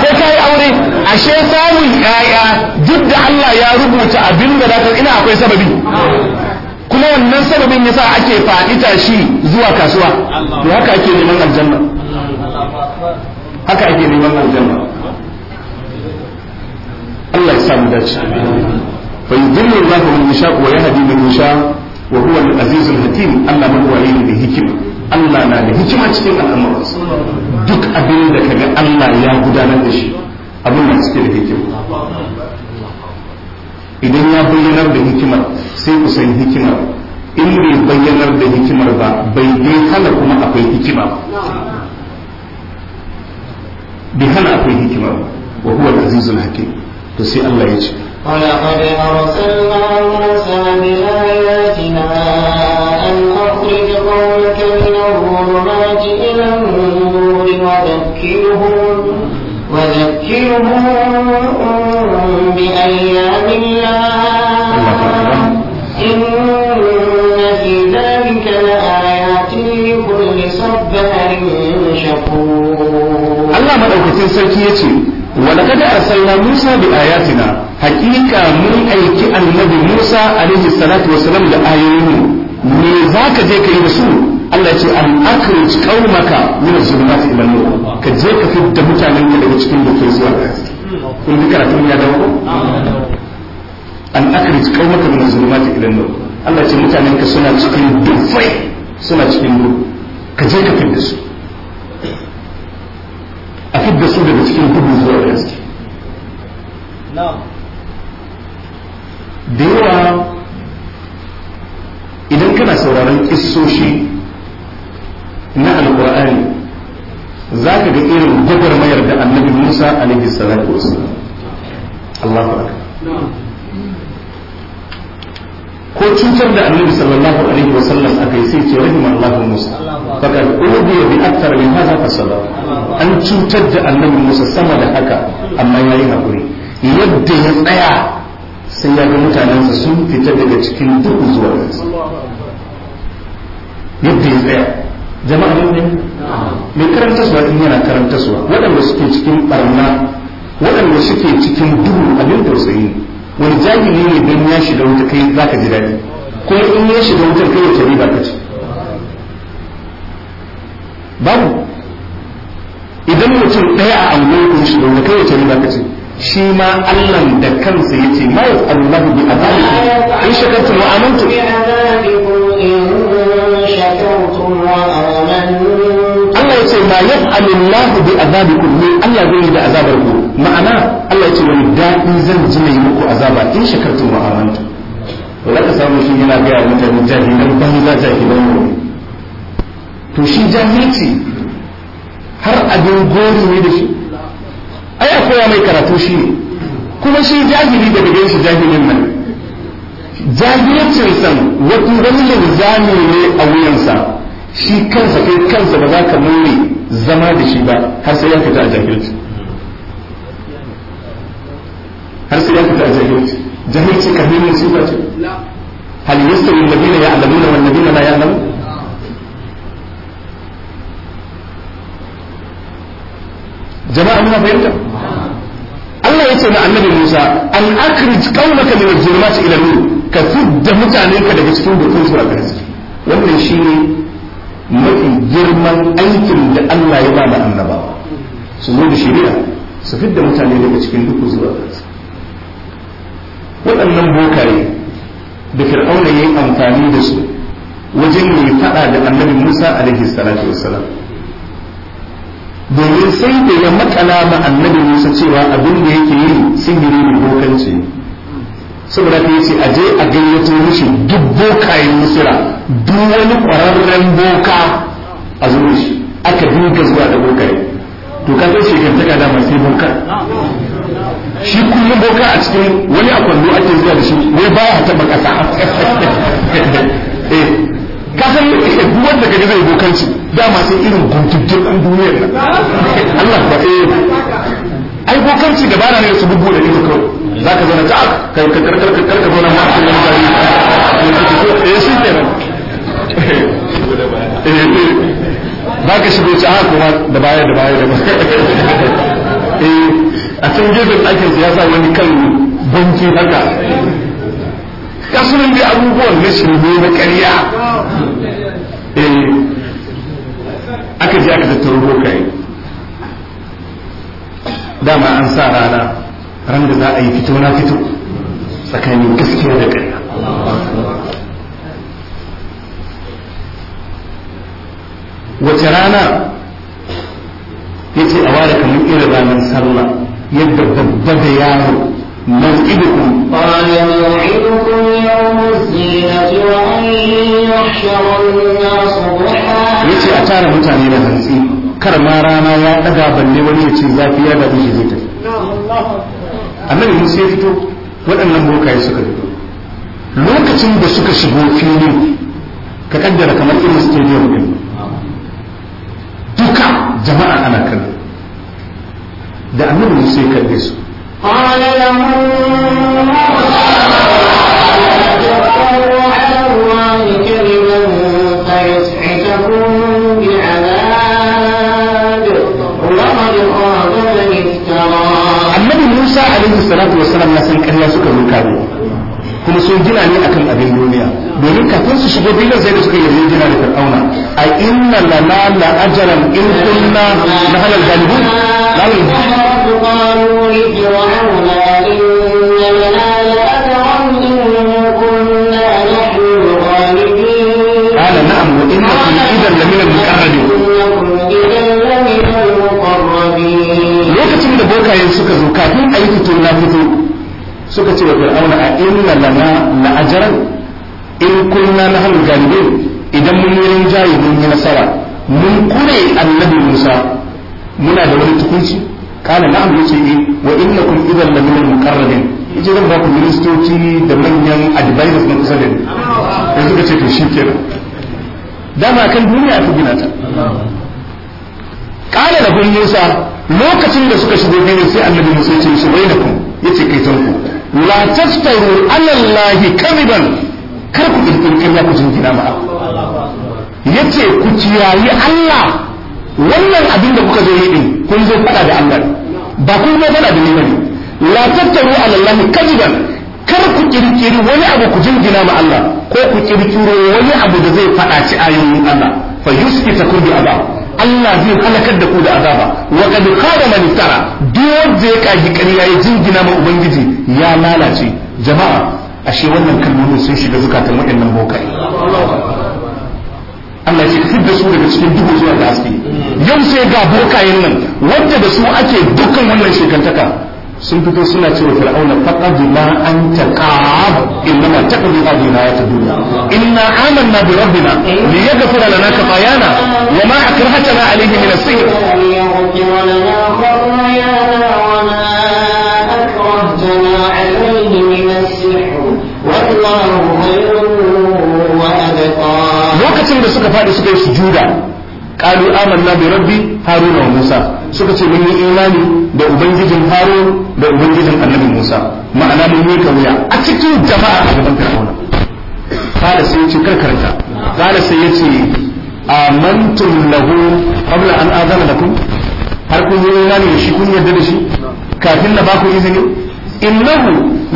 sai ka aure ashe samun yaya duk da Allah ya rubuta abin da zaka ina akwai sababi kuma wannan sababin yasa ake fa'ita shi zuwa kasuwa to haka ake neman aljanna haka ake neman aljanna Allah ya samu dace فيضل الله من يشاء ويهدي من يشاء وهو العزيز الحكيم الله مدوعي له حكمة Allah na da hikima cikin al'amuransa duk abin da kaga Allah ya gudanar da shi abin da hikima idan ya bayyanar da hikimar sai ku san hikimar in bai bayyanar da hikimar ba bai dai hana kuma akwai hikima bai hana akwai hikima wa huwa al-azizul hakim to sai Allah ya ce Ka na faɗi a wasan na Allah ma sarki ya ce, wani ka gaya a Sannan Musa da aya hakika mun aiki annabi Musa alaihi salatu wasalam da ayoyin me zaka je ka yi da su Allah ce an akhrij qaumaka min az-zulumati ila nur ka je ka fitta mutanen ka daga cikin da zuwa kun ji karatun ya dawo an akhrij qaumaka min az-zulumati ila nur Allah ce mutanen ka suna cikin dufai suna cikin nur ka je ka fitta su a fitta su daga cikin dubu zuwa gaske na'am da yawa idan kana sauraron kissoshi na alkur'ani za ka ga irin gwagwarmayar da annabi musa alaihi salatu wasu allahu akbar ko cutar da annabi sallallahu alaihi wa sallam yi sai ce rahim Allah Musa fakar ubiya bi akthar min hadha fasala an cutar da annabi Musa sama da haka amma yayi hakuri yadda ya tsaya sai ya ga mutanensa sun fita daga cikin duk zuwa yadda ya tsaya jama'a ne mai karanta suwa in yana karanta suwa waɗanda suke cikin ɓarna waɗanda suke cikin duhu abin tausayi wani jahili ne don ya shiga wuta kai za ka ji daɗi ko in ya shiga wuta kai ya ce ba ka ce babu idan mutum ɗaya a angon shiga wuta kai ya ce ba ka ce shi ma Allah da kansa ya ce ma yas'alullahu bi azabikum in shakartum wa amintu? Allah ya ce ma yas'alullahu bi azabikum ne Allah zai yi da azabar ku ma'ana Allah ya ce wani daɗi zan ji mai muku azaba in shakartum wa amantum to zaka samu shi yana ga mutane jahilan banza jahilan mu to shi jahilci har abin gori ne da shi ai a koya mai karatu shi ne kuma shi jahili da bugan shi jahilin nan jahilcin san wata wani linzami ne a wuyansa shi kansa kai kansa ba za ka more zama da shi ba har sai ya fita a jahilci har sai ya fita a jahilci jahilci kabilan sifa ce hal yastawi alladhina ya'lamuna wal ladina la ya'lamun jama'a muna fahimta Allah ya ce na annabi Musa an akhrij qaumaka min al-zulumati ila nur ka fidda ka daga cikin dukkan sura ciki. wannan shine mafi girman aikin da Allah ya ba da annabawa su zo da shari'a su fidda mutane daga cikin dukkan sura ga waɗannan bokaye da fir'auna ya yi amfani da su wajen mai faɗa da annabi Musa alaihi salatu wassalam domin sai da ya makala ma annabi Musa cewa abin da yake yi sihiri ne bokanci saboda ka yace aje a gayyato mishi duk bokayen Misira duk wani kwararren boka a zuwa shi aka duka zuwa da bokaye to ka kai ta kada mai sai boka shi kullum boka a cikin wani akwando ake zuwa da shi wai ba ya taba kasa eh, kasan wanda ga zai bokanci dama sai irin kuntuttun ɗan duniyar nan Allah ba eh ai bokanci da bana ne su bugu da ido kawai za ka zauna ta'ab ah, kai ka ka ka ka ka ma a cikin mutane eh shi kenan ba eh, eh, eh. ka shigo ci ah, kuma da baya da baya da baya a can gefen ɗakin ya sa wani kan banki haka kasunan da abubuwan na shirme na ƙarya eh aka je aka tattaro bokaye dama an sa rana ran da za a yi fito na fito tsakanin gaskiya da ƙarya wace rana ya ce a ware kamar irin ranar sallah yadda babba da yaro موعدكم قال موعدكم يوم الزينة وأن يحشر الناس ضحى ce a tara mutane da hantsi kar ma rana ya daga balle wani ya ce zafi ya daɗi shi zai tafi annabi musa ya fito waɗannan bokaye suka fito lokacin da suka shigo fili ka kaddara kamar irin stadium din duka jama'a ana kan da annabi musa ya kalle su قال لهم sun gina ne akan abin duniya domin kafin su shigo filin sai da suka yi gina da fir'auna a inna lana la ajaran in kunna na halal galibun قال نعم وإنكم إذا لمن المقربين lokacin da bokayen suka zo kafin a yi na fito suka ce wa fir'auna a inna lana la ajran in kunna nahnu galibin idan mun yi jayi mun yi nasara mun kure annabi Musa muna da wani tukunci kana na'am yace eh wa innakum idan la minal muqarrabin yace zan ba ku ministoci da manyan advisors na kusa da ni sai suka ce to shikenan dama kan duniya ta gina ta kana da Musa lokacin da suka shigo gidan sai annabi Musa ya ce shi bainakum yace kai tanku la taftaru ala allahi kadiban kar ku kirkiri ku jingina ma yace ku ciyayi Allah wannan abin da kuka zo yi din kun zo fada da Allah ba kun zo fada da ni la taftaru ala allahi kadiban kar ku kirkiri wani abu ku jingina ma Allah ko ku kirkiro wani abu da zai fada ci ayoyin Allah fa kun bi Allah. Allah zai halakar da ku da azaba wa kad khaba man tara duk ya kaji ƙarya ya jingina ma ubangiji ya lalace jama'a ashe wannan kalmomi sun shiga zukatan waɗannan bokai Allah ya fitar da su daga cikin duhu zuwa da haske yau sai ga bokayen nan wanda da su ake dukkan wannan shekantaka sun fito suna cewa fir'auna faqad ma anta qab ma taqdi hadhihi ayatu dunya inna amanna bi rabbina yaghfira lana khatayana wa ma akrahatana alayhi min as-sihr lokacin da suka faɗi suka yi sujuda qalu amanna bi rabbi haruna wa musa suka ce mun yi imani da ubangijin haro da ubangijin annabi musa ma'ana mun yi kauya a cikin jama'a a gaban fir'auna kala sai ce karkarta kala sai yace amantum lahu qabla an azana lakum har kun yi imani da shi kun yarda da shi kafin na baku izini innahu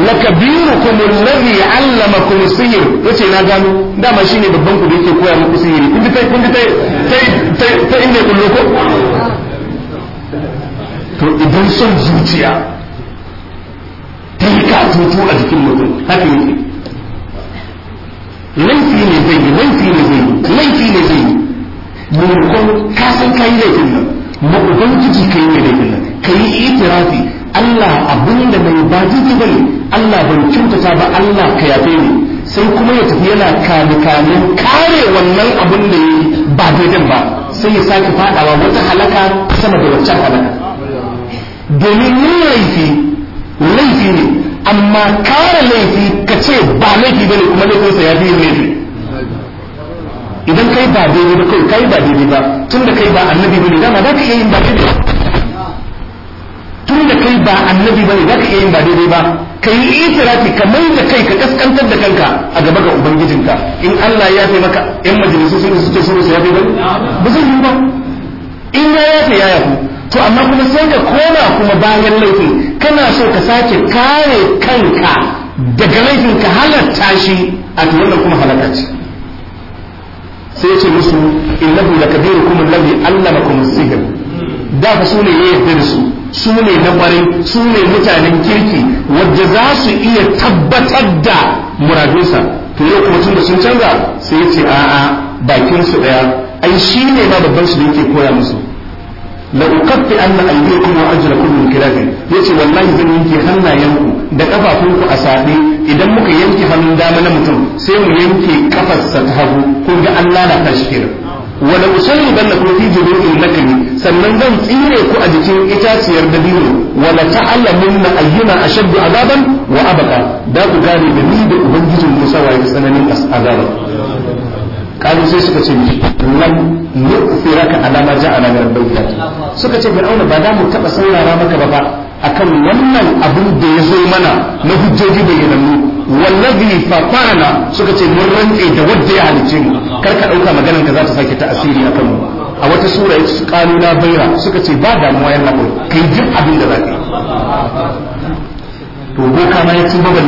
lakabirukum alladhi 'allamakum sihr yace na gano dama shine babban ku da yake koya muku sihiri kun bi kun ta tai tai inda kullu ko to idan son zuciya ta yi katoto a jikin mutum haka yake laifi ne zai yi laifi ne zai yi laifi ne zai yi maimakon ka san yi laifin nan maimakon ciki ka yi laifin nan ka yi itirafi Allah abin da mai ba jiki bane Allah ban kyautata ba Allah ka yafe ni sai kuma ya tafi yana kamikamin kare wannan abin da ya yi ba daidai ba sai ya sake fadawa wata halaka sama da waccan halaka domin yin laifi laifi ne amma kare laifi ka ce ba laifi bane kuma sa ya fi laifi idan kai ba daidai ba kai kai ba daidai ba tun da kai ba annabi bane dama za ka iya yin ba daidai tun da kai ba annabi bane za ka iya yin ba daidai ba ka yi itirafi ka mai da kai ka kaskantar da kanka a gaba ga ubangijinka in Allah ya fi maka yan majalisu sun ce sun ya fi ba ba zai yi ba in ya yafe ya yafu to amma kuma sai ka koma kuma bayan laifin kana so ka sake kare kanka daga laifin ka halatta shi a to wannan kuma halaka ce sai ce musu innahu lakabirukum alladhi allamakum as-sihr da fa su ne yayin da su su ne na kwarai su ne mutanen kirki wadda za su iya tabbatar da muradunsa to yau kuma tun da sun canza sai ya ce a'a bakinsu su daya ai ne ma babban su da yake koya musu la uqatti anna aydikum wa ajrakum min khilaf yace wallahi zan yanke hannayenku da kafafunku a sabe idan muka yanke hannun dama na mutum sai mu yanke kafarsa ta hagu ko ga Allah na tashkira wala usalli bannakum fi judu'il nakli sannan zan tsire ku a jikin itaciyar dabino wala ta'lamunna ayyuna ashaddu azaban wa abqa da ku gane da ni da ubangijin Musa wa ya tsananin azaba kalu sai suka ce alama nu'thiraka ala ma ja'ala min rabbika suka ce auna ba da mu taba saurara maka ba a akan wannan abin da ya zo mana na hujjoji bayyanannu wallazi fatana suka ce mun rantse da wadda ya halice mu kar ka dauka maganar ka za ta sake ta asiri akan mu a wata sura ya su kalu na baira suka ce ba damuwa yan nan kai duk abin da zaka yi to boka ma ya tuba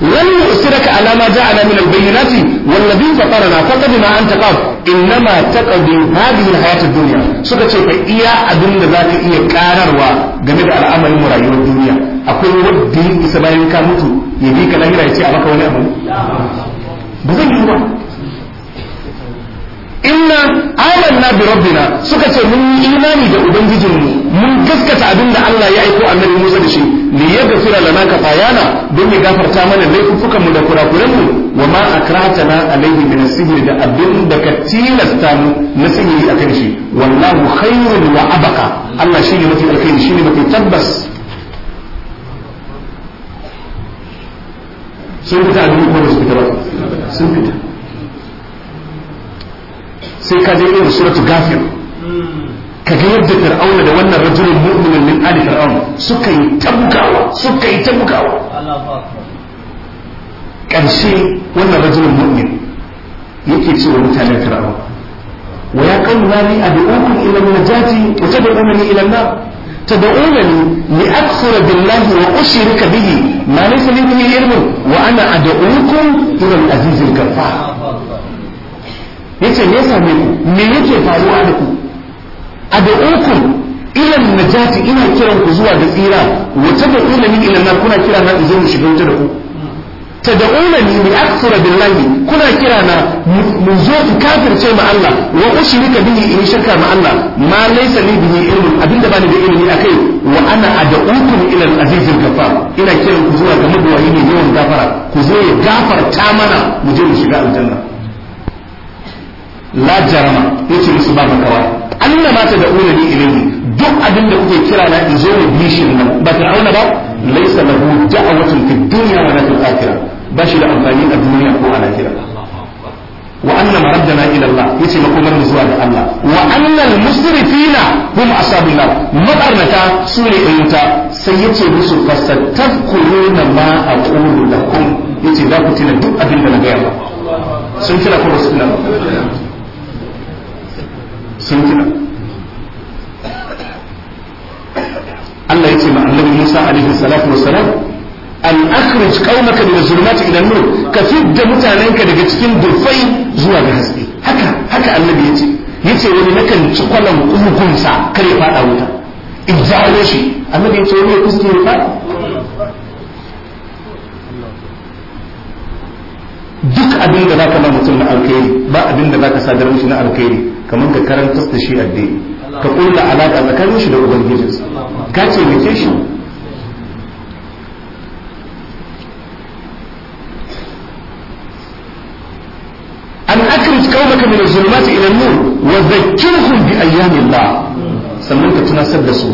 wannan usira alama ja ala min al bayyinati na ladhi fatarna faqad taɓa anta qad inma taqdi hadhihi al hayat ad dunya suka ce ka iya abin da za ka iya ƙararwa game da al'amarin rayuwar duniya akwai wanda yake sabayin ka mutu ya bi ka lahira ya ce a maka wani abu ba yi ba inna amanna bi rabbina suka ce mun yi imani da ubangijinmu mun gaskata abin da Allah ya aiko annabi Musa da shi li yaghfira lana fayana don ya gafarta mana laifukan mu da kurakuran mu wa ma akratana alaihi min sihiri da abin da ka tilasta mu na sihiri akan shi wallahu khairun wa abaka Allah shine mafi alkhairi shine mafi tabbas sun fita abin kuma da su fita ba sun fita sai ka je irin suratu gafir ka ga yadda fir'auna da wannan rajulun mu'minin min ali fir'auna suka yi tabukawa suka yi tabukawa karshe wannan rajulun mu'min yake cewa mutanen fir'auna wa ya qawmi mali ad'ukum ila najati wa tad'unani ila wa nar تدعونني لأكفر بالله وأشرك به ما ليس لي به علم وأنا أدعوكم إلى azizin الغفار yace me yasa ne ku me yake faruwa da ku uku ila najati ina kiran ku zuwa da tsira wata da ila min ila kuna kira na zo mu shiga wuta da ku tad'unani li akfura billahi kuna kira na mu zo ku kafirce ma Allah wa ushrika bihi in shirka ma Allah ma laysa li bihi ilmun abinda bani da ilimi akai wa ana ad'ukum ila al-aziz al-ghafar ina kiran ku zuwa ga mabawai ne yawan gafara ku zo ya gafarta mana mu je mu shiga aljanna la jarama yace musu ba makawa Allah ma ta da'una ni ilayhi duk abin da kuke kira na in zo ne bishin nan ba ta auna ba laysa lahu da'watun fid dunya wa la fil akhirah ba shi da amfani a duniya ko a lahira wa anna maraddana ila Allah yace makomar mu zuwa ga Allah wa anna al-musrifina hum ashabun nar mabarnata su ne ayyuta sai yace musu fasatafkuruna ma aqulu lakum yace za ku tuna duk abin da na gaya ba sun kira ku ba su sun kira Allah ya ce ma annabi Musa alaihi salatu wassalam an akhrij qaumaka min az-zulumati ila an-nur ka fidda mutanenka daga cikin dufai zuwa ga haske haka haka annabi ya ce yace wani nakan ci kwalan ugunsa kare fada wuta in jawo shi annabi ya ce wani ya fada duk abin da zaka ba mutum na alkhairi ba abin da zaka sadar mishi na alkhairi kamar ka karanta da shi addini ka kulla alaka tsakanin shi da ubangijinsa ka ce taimake shi an akrij qaumaka min az-zulumati ila an-nur wa dhakkirhum bi ayyamillah sannan ka tunasar da su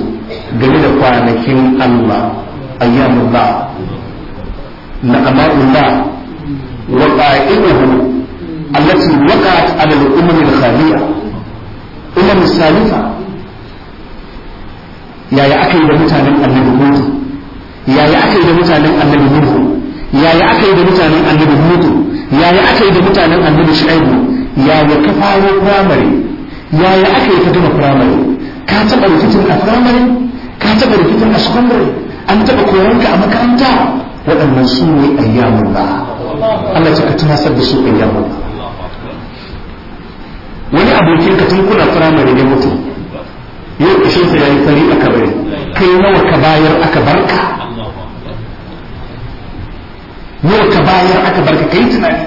game da kwanakin Allah ayyamullah na'ama'ullah wa qa'imuhu allati waqa'at 'ala al-umri al-khaliya ila misalika yaya aka yi da mutanen annabi mutu yaya aka yi da mutanen annabi mutu yaya aka yi da mutanen annabi mutu yaya aka yi da mutanen annabi shu'aibu yaya ka faro firamare yaya aka yi ka gama firamare ka taɓa rikicin a firamare ka taɓa rikicin a secondary an taɓa ka a makaranta waɗannan su ne ayyamun ba Allah ta ka tunasar da su ayyamun ba wani abokin ka tun kuna firamare ne mutu yau kashin sa yayi fari aka bari kai nawa ka bayar aka barka nawa ka bayar aka barka kai tunani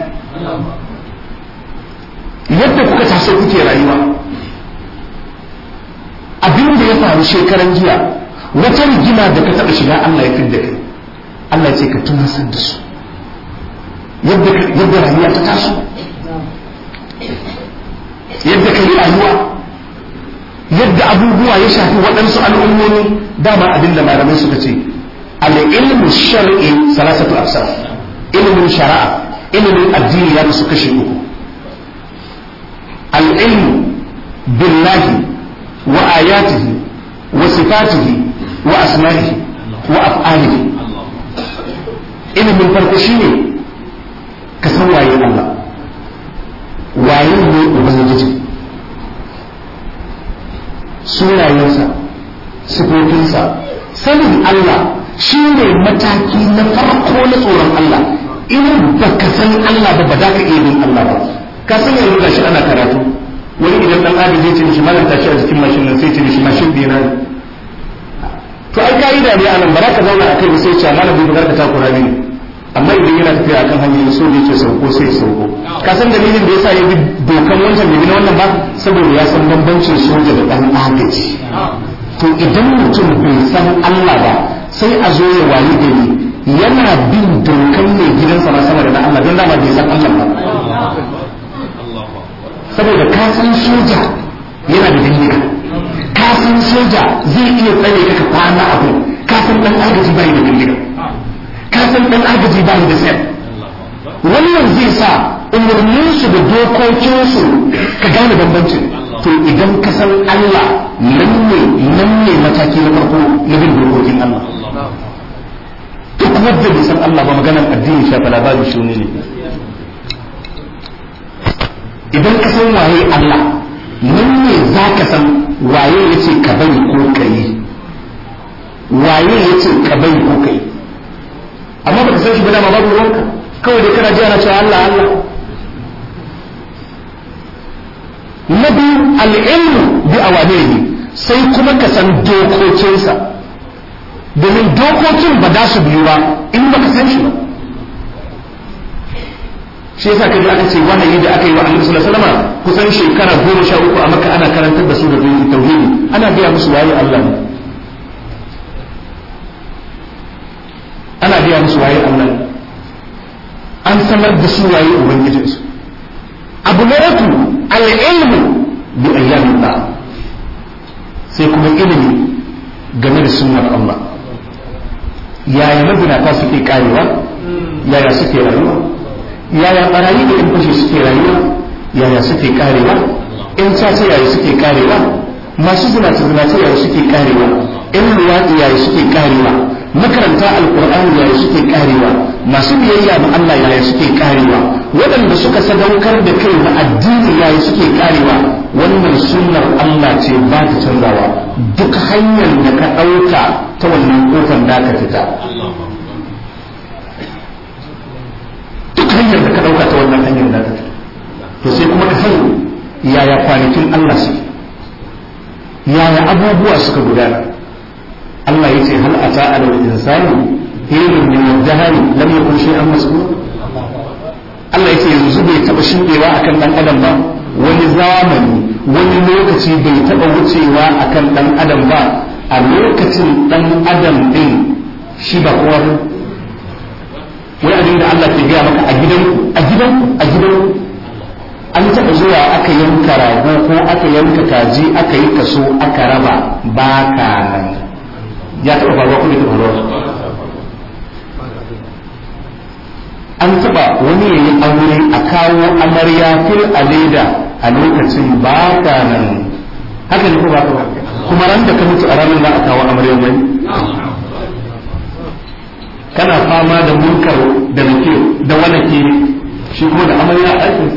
yadda kuka taso kuke rayuwa abin da ya faru shekaran jiya wata rigima da ka taɓa shiga Allah ya fidda kai Allah ce ka tunasar da su yadda rayuwa ta taso yadda ka yi rayuwa yadda abubuwa ya shafi waɗansu al'ummomi dama abin da malamai suka ce al'ilmu shar'i salasatu afsar ilimin shari'a ilimin addini ya kasu kashe uku al'ilmu billahi wa ayatihi wa sifatihi wa asma'ihi wa af'alihi ilimin farko shine ka san waye Allah waye ne ubangiji sunayensa sifofinsa sanin Allah shi ne mataki na farko na tsoron Allah in ba ka san Allah ba ba za ka iya bin Allah ba ka san yanzu shi ana karatu wani idan dan adam zai ce mishi malam tashi a jikin mashin nan sai ce mishi mashin dina ne to ai ka'ida ne anan ba za ka zauna akai ba sai ce malam bai ba za ka takura ne amma idan yana tafiya akan hanyar so da yake sauko sai sauko ka san dalilin da yasa ya bi dokan wancan da wannan ba saboda ya san bambancin soja da dan agaji to idan mutum bai san Allah ba sai a zo ya wayi gari yana bin dokan ne gidansa ma sama da na Allah don dama bai san Allah ba saboda ka san soja yana da dalili ka san soja zai iya tsare ka kwana abu ka san dan agaji bai da dalili kafin dan agaji ba da sai wani yanzu zai sa umarninsu da dokokinsu ka gane bambancin to idan ka san Allah nan ne nan ne mataki na farko na bin dokokin Allah duk wanda bai san Allah ba maganar addini shafa labari shi ne idan ka san waye Allah nan ne za ka san waye ya ce ka bari ko ka yi waye ya ce ka bari ko ka yi amma baka san shi ba dama babu ruwanka kawai dai kana ji ana cewa Allah Allah na biyu al'ilmu bi awamirihi sai kuma ka san dokokinsa domin dokokin ba za su biyu ba in ka san shi ba shi yasa kaji aka ce wahayi da aka yi wa annabi sallallahu alaihi wasallam kusan shekara goma sha uku a maka ana karantar da su da tauhidi ana gaya musu waye Allah ne ana biya musu waye Allah an sanar da su waye ubangijinsu abu na uku al'ilmu bi ayyamin sai kuma ilimi game da sunnar Allah yaya mazinata suke karewa yaya suke rayuwa yaya barayi da yan fashe suke rayuwa yaya suke karewa yan sace yaya suke karewa masu zinace zinace yaya suke karewa yan luwaɗi yaya suke karewa makaranta alkur'ani yaya suke karewa masu biyayya ma Allah yaya suke karewa waɗanda suka sadaukar da kai na addini yaya suke karewa wannan sunnar Allah ce ba ta canzawa duk hanyar da ka ɗauka ta wannan kofar da ka fita duk hanyar da ka ɗauka ta wannan hanyar da ka fita to sai kuma ka ya yaya kwanakin Allah suke yaya abubuwa suka gudana Allah ya ce hal ata ala insani hilun min ad-dahri lam yakun shay'an masbur Allah ya ce yanzu bai taɓa taba a kan ɗan adam ba wani zamani wani lokaci bai taɓa wucewa a kan ɗan adam ba a lokacin ɗan adam ɗin shi ba kowa ba wani abin da Allah ke gaya maka a gidanku a gidanku a gidanku an taɓa zuwa aka yanka rago ko aka yanka kaji aka yi kaso aka raba ba ka nan ya taɓa faruwa ko bai taɓa faruwa an taɓa wani yayi aure a kawo amarya fil aleda a lokacin ba ta nan haka ne ko ba kuma ran da ka mutu a ranar za a kawo amarya mai kana fama da munkar da nake da wani ke shi kuma da amarya aikin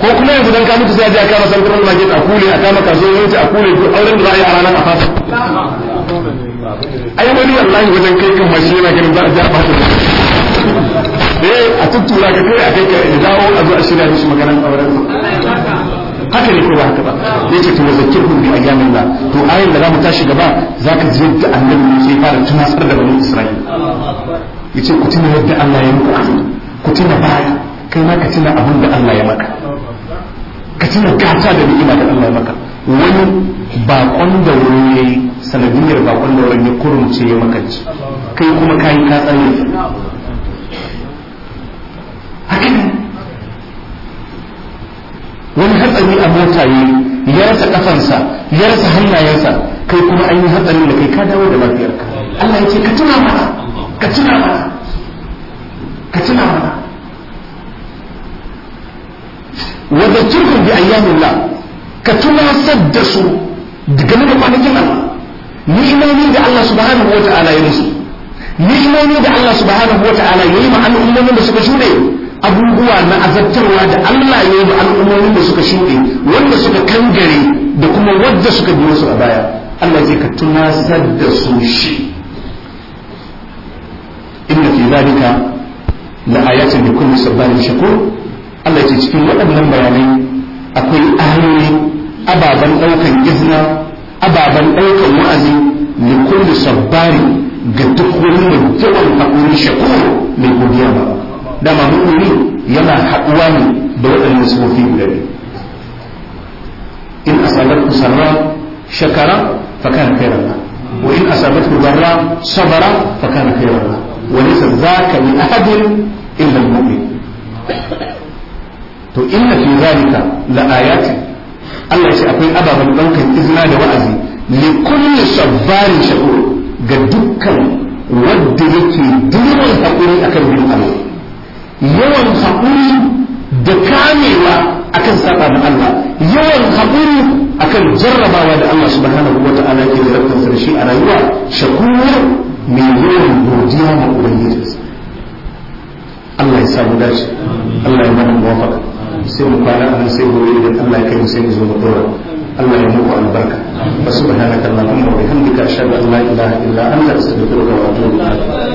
ko kuma yanzu dan ka mutu sai a kama a kama ke a kule a kama kasuwanci a kule duk auren da za a yi a ranar a fasa ai wani wallahi wajen kai kan mashi yana ganin za a ja bata da eh a tuttura ka kai a kai ka da dawo a zo a shirya shi maganar auren haka ne ko ba haka ba ce to kun bi da to ayin da za mu tashi gaba za ka ji da annabi sai fara tunasar da bani isra'ila yace ku tuna yadda Allah ya muku ku tuna baya kai ma ka tuna abin da Allah ya maka ka tuna gata da ni'ima da Allah maka wani bakon da wuri ya sanadiyar bakon da wani ya kurumce ya maka ci kai kuma kayi ka tsare wani hatsari a mota yi ya rasa kafansa ya rasa hannayensa kai kuma an yi hatsari da kai ka dawo da lafiyarka Allah ya ce ka tuna mana ka tuna mana ka tuna mana ayyamillah ka tunasar da su game da kwanakin Allah ni'imomi da Allah subhanahu Wataala ya musu ni'imomi da Allah subhanahu Wataala ya yi ma al'ummomin da suka shuɗe abubuwa na azabtarwa da Allah ya yi ma al'ummomin da suka shuɗe wanda suka kangare da kuma wadda suka biyo su a baya Allah zai ka tunasar da su shi inna fi zalika la ayatin likulli sabarin shakur Allah ya ce cikin waɗannan bayanai akwai ayoyi ababen ɗaukan izina ababen ɗaukan wa'azi da kullu sabbari ga duk wani mai yawan haƙuri shakuru mai godiya ba dama mu'mini yana haɗuwa ne da waɗannan sufofi guda biyu in asabatku sarra shakara fa kana khairan lahu وإن أصابته ضراء صبر فكان خيرا له وليس ذاك من أحد إلا المؤمن to inna fi zalika la ayatin Allah ya ce akwai ababen bankan izina da wa'azi li kulli sabbarin shakur ga dukkan wanda yake durin hakuri akan bin Allah yawan hakuri da kamewa akan saba da Allah yawan hakuri akan jarrabawa da Allah subhanahu wa ta'ala ke jarabtar sa shi a rayuwa shakur mai yawan godiya ma ubangiji Allah ya samu dace Allah ya mana muwafaqa sai mu kwana mun sai gobe da Allah ya kai mu sai mu zo mu Allah ya muku albarka fa subhanaka allahumma wa bihamdika ashhadu an la ilaha illa anta astaghfiruka wa atubu ilaik